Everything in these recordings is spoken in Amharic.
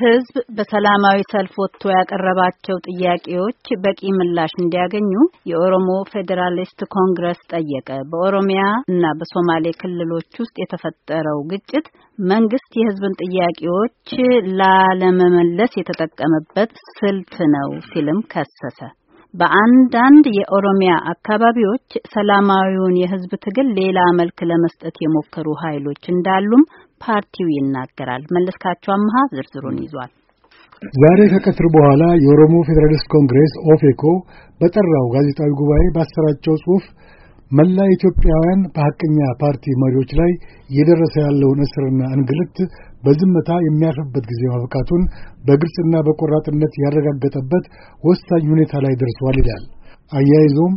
ህዝብ በሰላማዊ ሰልፍ ወጥቶ ያቀረባቸው ጥያቄዎች በቂ ምላሽ እንዲያገኙ የኦሮሞ ፌዴራሊስት ኮንግረስ ጠየቀ። በኦሮሚያ እና በሶማሌ ክልሎች ውስጥ የተፈጠረው ግጭት መንግስት የህዝብን ጥያቄዎች ላለመመለስ የተጠቀመበት ስልት ነው ሲልም ከሰሰ። በአንዳንድ የኦሮሚያ አካባቢዎች ሰላማዊውን የህዝብ ትግል ሌላ መልክ ለመስጠት የሞከሩ ኃይሎች እንዳሉም ፓርቲው ይናገራል። መለስካቸው አምሃ ዝርዝሩን ይዟል። ዛሬ ከቀትር በኋላ የኦሮሞ ፌዴራሊስት ኮንግሬስ ኦፌኮ በጠራው ጋዜጣዊ ጉባኤ ባሰራጨው ጽሑፍ መላ ኢትዮጵያውያን በሐቀኛ ፓርቲ መሪዎች ላይ እየደረሰ ያለውን እስርና እንግልት በዝምታ የሚያርፍበት ጊዜ ማብቃቱን በግልጽና በቆራጥነት ያረጋገጠበት ወሳኝ ሁኔታ ላይ ደርሷል ይላል። አያይዞም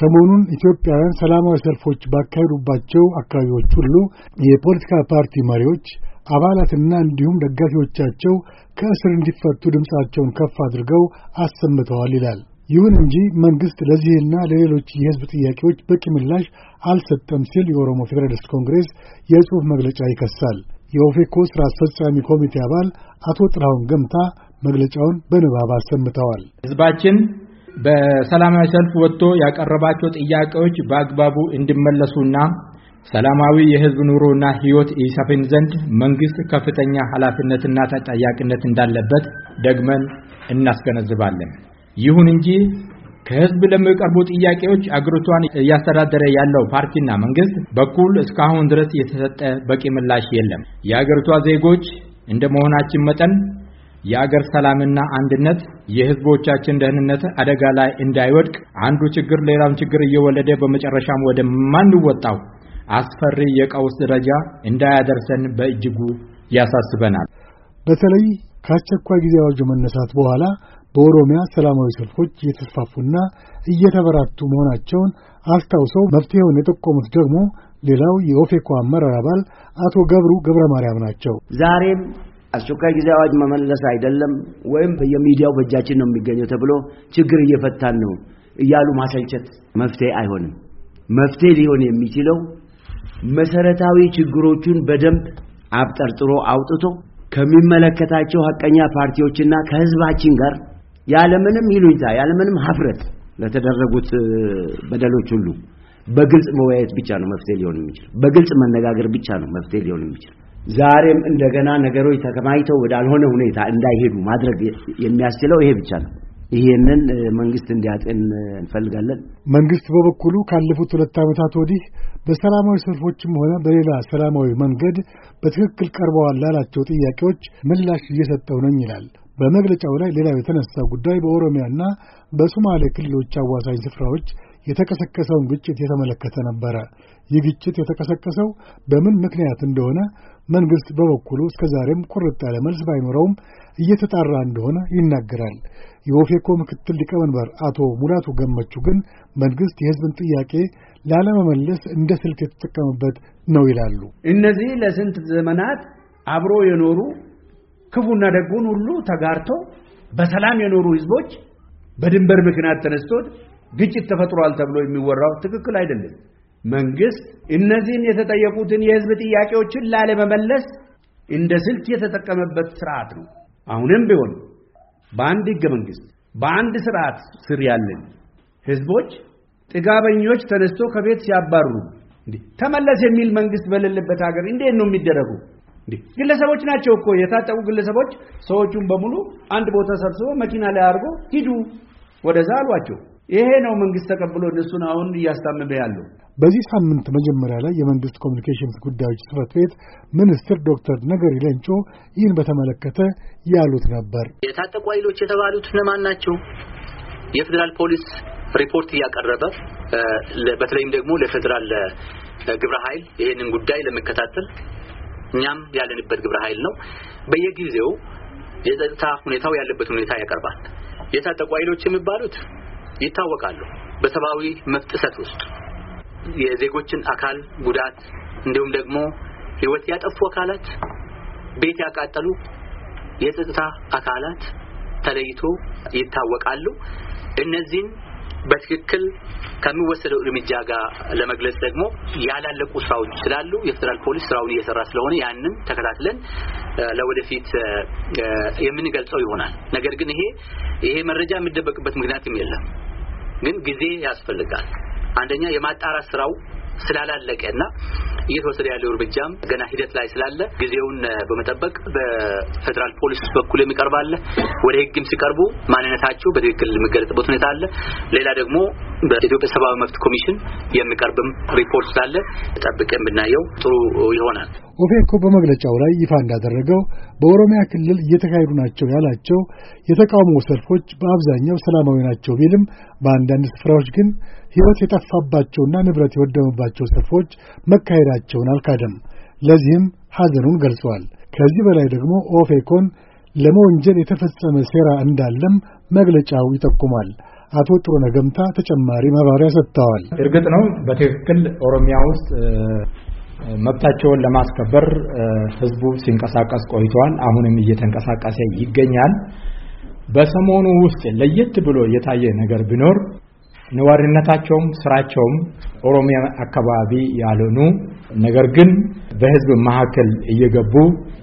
ሰሞኑን ኢትዮጵያውያን ሰላማዊ ሰልፎች ባካሄዱባቸው አካባቢዎች ሁሉ የፖለቲካ ፓርቲ መሪዎች አባላትና እንዲሁም ደጋፊዎቻቸው ከእስር እንዲፈቱ ድምፃቸውን ከፍ አድርገው አሰምተዋል ይላል። ይሁን እንጂ መንግሥት ለዚህና ለሌሎች የሕዝብ ጥያቄዎች በቂ ምላሽ አልሰጠም ሲል የኦሮሞ ፌዴራሊስት ኮንግሬስ የጽሑፍ መግለጫ ይከሳል። የኦፌኮ ሥራ አስፈጻሚ ኮሚቴ አባል አቶ ጥላሁን ገምታ መግለጫውን በንባብ አሰምተዋል። ሕዝባችን በሰላማዊ ሰልፍ ወጥቶ ያቀረባቸው ጥያቄዎች በአግባቡ እንዲመለሱና ሰላማዊ የሕዝብ ኑሮና ሕይወት ይሰፍን ዘንድ መንግስት ከፍተኛ ኃላፊነትና ተጠያቂነት እንዳለበት ደግመን እናስገነዝባለን። ይሁን እንጂ ከህዝብ ለሚቀርቡ ጥያቄዎች አገሪቷን እያስተዳደረ ያለው ፓርቲና መንግስት በኩል እስካሁን ድረስ የተሰጠ በቂ ምላሽ የለም። የአገሪቷ ዜጎች እንደ መሆናችን መጠን የአገር ሰላምና አንድነት፣ የህዝቦቻችን ደህንነት አደጋ ላይ እንዳይወድቅ አንዱ ችግር ሌላውን ችግር እየወለደ በመጨረሻም ወደ ማንወጣው አስፈሪ የቀውስ ደረጃ እንዳያደርሰን በእጅጉ ያሳስበናል። በተለይ ከአስቸኳይ ጊዜ አዋጁ መነሳት በኋላ በኦሮሚያ ሰላማዊ ሰልፎች እየተስፋፉና እየተበራቱ መሆናቸውን አስታውሰው መፍትሄውን የጠቆሙት ደግሞ ሌላው የኦፌኮ አመራር አባል አቶ ገብሩ ገብረ ማርያም ናቸው። ዛሬም አስቸኳይ ጊዜ አዋጅ መመለስ አይደለም ወይም በየሚዲያው በእጃችን ነው የሚገኘው ተብሎ ችግር እየፈታን ነው እያሉ ማሰልቸት መፍትሄ አይሆንም። መፍትሄ ሊሆን የሚችለው መሰረታዊ ችግሮቹን በደንብ አብጠርጥሮ አውጥቶ ከሚመለከታቸው ሀቀኛ ፓርቲዎችና ከህዝባችን ጋር ያለምንም ይሉኝታ ያለምንም ሀፍረት ለተደረጉት በደሎች ሁሉ በግልጽ መወያየት ብቻ ነው መፍትሄ ሊሆን የሚችል። በግልጽ መነጋገር ብቻ ነው መፍትሄ ሊሆን የሚችል። ዛሬም እንደገና ነገሮች ተከማይተው ወዳልሆነ ሁኔታ እንዳይሄዱ ማድረግ የሚያስችለው ይሄ ብቻ ነው። ይሄንን መንግስት እንዲያጤን እንፈልጋለን። መንግስት በበኩሉ ካለፉት ሁለት ዓመታት ወዲህ በሰላማዊ ሰልፎችም ሆነ በሌላ ሰላማዊ መንገድ በትክክል ቀርበዋል ላላቸው ጥያቄዎች ምላሽ እየሰጠው ነኝ ይላል። በመግለጫው ላይ ሌላው የተነሳ ጉዳይ በኦሮሚያና በሶማሌ ክልሎች አዋሳኝ ስፍራዎች የተቀሰቀሰውን ግጭት የተመለከተ ነበረ። ይህ ግጭት የተቀሰቀሰው በምን ምክንያት እንደሆነ መንግሥት በበኩሉ እስከ ዛሬም ቁርጥ ያለ መልስ ባይኖረውም እየተጣራ እንደሆነ ይናገራል። የኦፌኮ ምክትል ሊቀመንበር አቶ ሙላቱ ገመቹ ግን መንግሥት የሕዝብን ጥያቄ ላለመመለስ እንደ ስልት የተጠቀመበት ነው ይላሉ። እነዚህ ለስንት ዘመናት አብሮ የኖሩ ክፉና ደጉን ሁሉ ተጋርቶ በሰላም የኖሩ ህዝቦች በድንበር ምክንያት ተነስቶ ግጭት ተፈጥሯል ተብሎ የሚወራው ትክክል አይደለም። መንግስት እነዚህን የተጠየቁትን የህዝብ ጥያቄዎችን ላለመመለስ እንደ ስልት የተጠቀመበት ስርዓት ነው። አሁንም ቢሆን በአንድ ህገ መንግስት በአንድ ስርዓት ስር ያለን ህዝቦች ጥጋበኞች ተነስቶ ከቤት ሲያባርሩ ተመለስ የሚል መንግስት በሌለበት ሀገር እንዴት ነው የሚደረጉ። ግለሰቦች ናቸው እኮ የታጠቁ ግለሰቦች ሰዎቹን በሙሉ አንድ ቦታ ሰብስበው መኪና ላይ አድርጎ ሂዱ ወደዛ አሏቸው። ይሄ ነው መንግስት ተቀብሎ እነሱን አሁን እያስታመመ ያለው። በዚህ ሳምንት መጀመሪያ ላይ የመንግስት ኮሚኒኬሽንስ ጉዳዮች ጽሕፈት ቤት ሚኒስትር ዶክተር ነገሪ ሌንጮ ይህን በተመለከተ ያሉት ነበር። የታጠቁ ኃይሎች የተባሉት እነማን ናቸው? የፌዴራል ፖሊስ ሪፖርት እያቀረበ በተለይም ደግሞ ለፌዴራል ግብረ ኃይል ይህንን ጉዳይ ለመከታተል እኛም ያለንበት ግብረ ኃይል ነው። በየጊዜው የጸጥታ ሁኔታው ያለበት ሁኔታ ያቀርባል። የታጠቁ ኃይሎች የሚባሉት ይታወቃሉ። በሰብአዊ መብት ጥሰት ውስጥ የዜጎችን አካል ጉዳት እንዲሁም ደግሞ ሕይወት ያጠፉ አካላት፣ ቤት ያቃጠሉ የጸጥታ አካላት ተለይቶ ይታወቃሉ። እነዚህን በትክክል ከሚወሰደው እርምጃ ጋር ለመግለጽ ደግሞ ያላለቁ ስራዎች ስላሉ የፌዴራል ፖሊስ ስራውን እየሰራ ስለሆነ ያንን ተከታትለን ለወደፊት የምንገልጸው ይሆናል። ነገር ግን ይሄ ይሄ መረጃ የሚደበቅበት ምክንያትም የለም፣ ግን ጊዜ ያስፈልጋል። አንደኛ የማጣራት ስራው ስላላለቀ ና.። እየተወሰደ ያለው እርምጃም ገና ሂደት ላይ ስላለ ጊዜውን በመጠበቅ በፌዴራል ፖሊስ በኩል የሚቀርባለ ወደ ህግም ሲቀርቡ ማንነታቸው በትክክል የሚገለጽበት ሁኔታ አለ። ሌላ ደግሞ በኢትዮጵያ ሰብአዊ መብት ኮሚሽን የሚቀርብም ሪፖርት ስላለ ጠብቀን ብናየው ጥሩ ይሆናል። ኦፌኮ በመግለጫው ላይ ይፋ እንዳደረገው በኦሮሚያ ክልል እየተካሄዱ ናቸው ያላቸው የተቃውሞ ሰልፎች በአብዛኛው ሰላማዊ ናቸው ቢልም በአንዳንድ ስፍራዎች ግን ሕይወት የጠፋባቸውና ንብረት የወደመባቸው ሰልፎች መካሄዳቸውን አልካደም። ለዚህም ሐዘኑን ገልጸዋል። ከዚህ በላይ ደግሞ ኦፌኮን ለመወንጀል የተፈጸመ ሴራ እንዳለም መግለጫው ይጠቁማል። አቶ ጥሩነህ ገምታ ተጨማሪ ማብራሪያ ሰጥተዋል። እርግጥ ነው በትክክል ኦሮሚያ ውስጥ መብታቸውን ለማስከበር ህዝቡ ሲንቀሳቀስ ቆይተዋል። አሁንም እየተንቀሳቀሰ ይገኛል። በሰሞኑ ውስጥ ለየት ብሎ የታየ ነገር ቢኖር ነዋሪነታቸውም ስራቸውም ኦሮሚያ አካባቢ ያልሆኑ ነገር ግን በህዝብ መካከል እየገቡ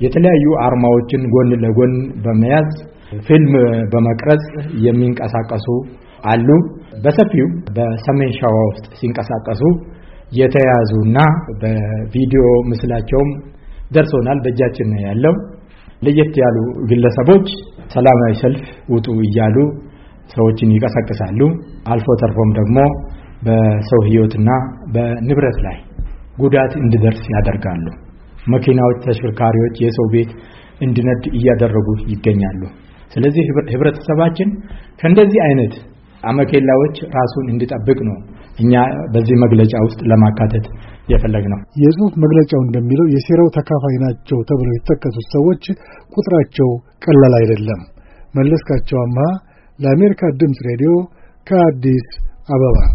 የተለያዩ አርማዎችን ጎን ለጎን በመያዝ ፊልም በመቅረጽ የሚንቀሳቀሱ አሉ። በሰፊው በሰሜን ሸዋ ውስጥ ሲንቀሳቀሱ የተያዙና በቪዲዮ ምስላቸውም ደርሶናል፣ በእጃችን ነው ያለው። ለየት ያሉ ግለሰቦች ሰላማዊ ሰልፍ ውጡ እያሉ ሰዎችን ይቀሰቅሳሉ። አልፎ ተርፎም ደግሞ በሰው ሕይወትና በንብረት ላይ ጉዳት እንዲደርስ ያደርጋሉ። መኪናዎች፣ ተሽከርካሪዎች፣ የሰው ቤት እንዲነድ እያደረጉ ይገኛሉ። ስለዚህ ህብረተሰባችን ከእንደዚህ አይነት አመኬላዎች ራሱን እንዲጠብቅ ነው እኛ በዚህ መግለጫ ውስጥ ለማካተት የፈለግ ነው። የጽሁፍ መግለጫው እንደሚለው የሴራው ተካፋይ ናቸው ተብለው የተጠቀሱት ሰዎች ቁጥራቸው ቀላል አይደለም። መለስካቸው አማሃ ለአሜሪካ ድምፅ ሬዲዮ ከአዲስ አበባ